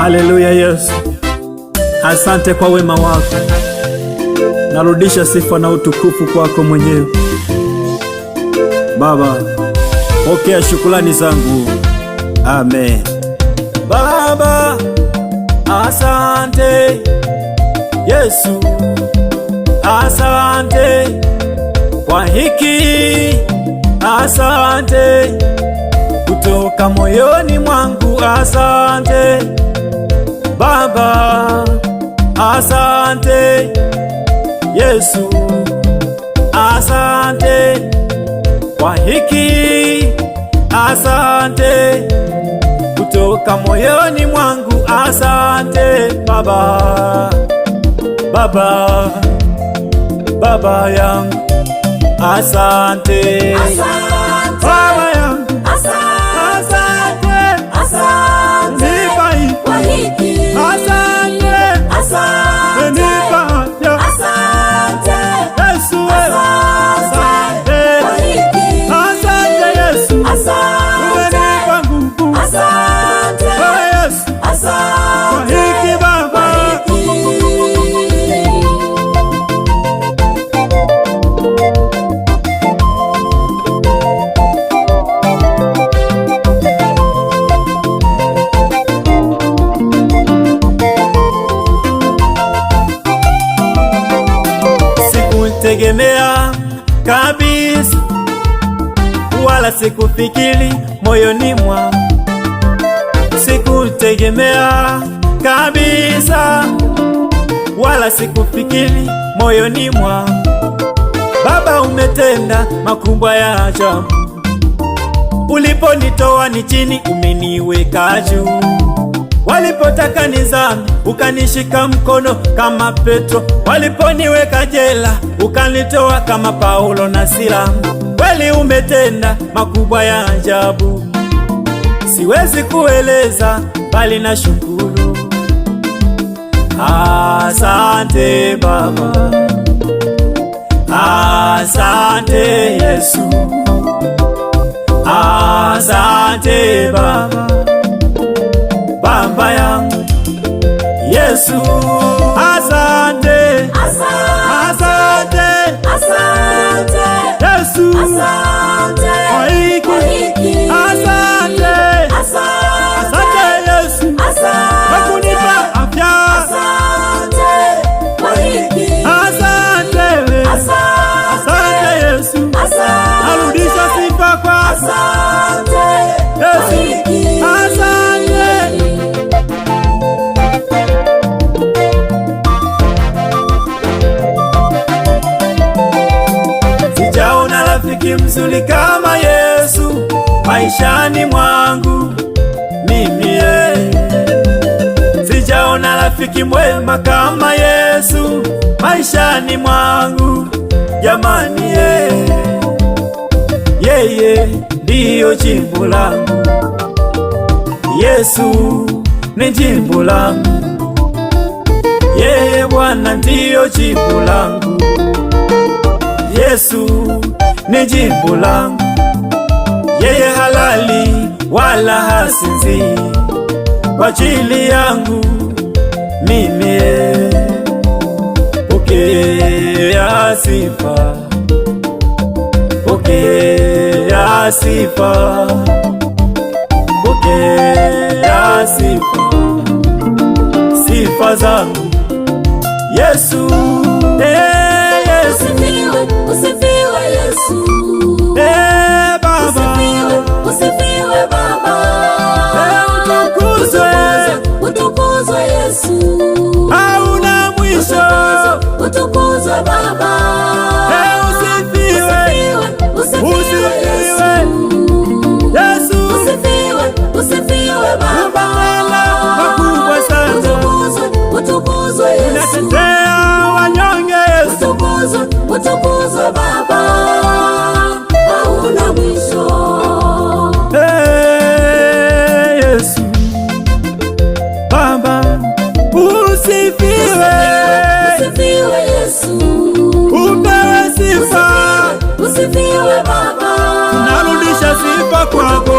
Haleluya Yesu, asante kwa wema wako, narudisha sifa na utukufu kwako mwenyewe Baba. Pokea shukulani zangu, amen. Baba, asante. Yesu, asante kwa hiki, asante kutoka moyoni mwangu, asante Baba, asante Yesu, asante kwa hiki, asante kutoka moyoni mwangu, asante Baba, Baba, Baba yangu, asante, asante. kutegemea kabisa, wala sikufikiri moyoni mwa, sikutegemea kabisa, wala sikufikiri moyoni mwa. Baba, umetenda makubwa ya ajabu, uliponitoa ni chini umeniweka juu walipotaka nizame, ukanishika mkono kama Petro, waliponiweka jela, ukanitoa kama Paulo na Sila. Kweli umetenda makubwa ya ajabu, siwezi kueleza, bali na shukuru. Asante Baba, asante Yesu. Yesu. Asante, asante, asante Yesu, kwa hiki, asante, asante rafiki mzuri kama Yesu maishani mwangu mimi ye. Sijaona rafiki mwema kama Yesu maishani mwangu jamani ye. Yeye ndiyo jimbo langu, Yesu ni jimbo langu yeye Bwana ndiyo jibu langu, Yesu ni jibu langu, yeye halali wala hasinzi kwa ajili yangu mimi. Pokea sifa, pokea sifa, pokea sifa, sifa zangu Yesu. Eh. su Pode ir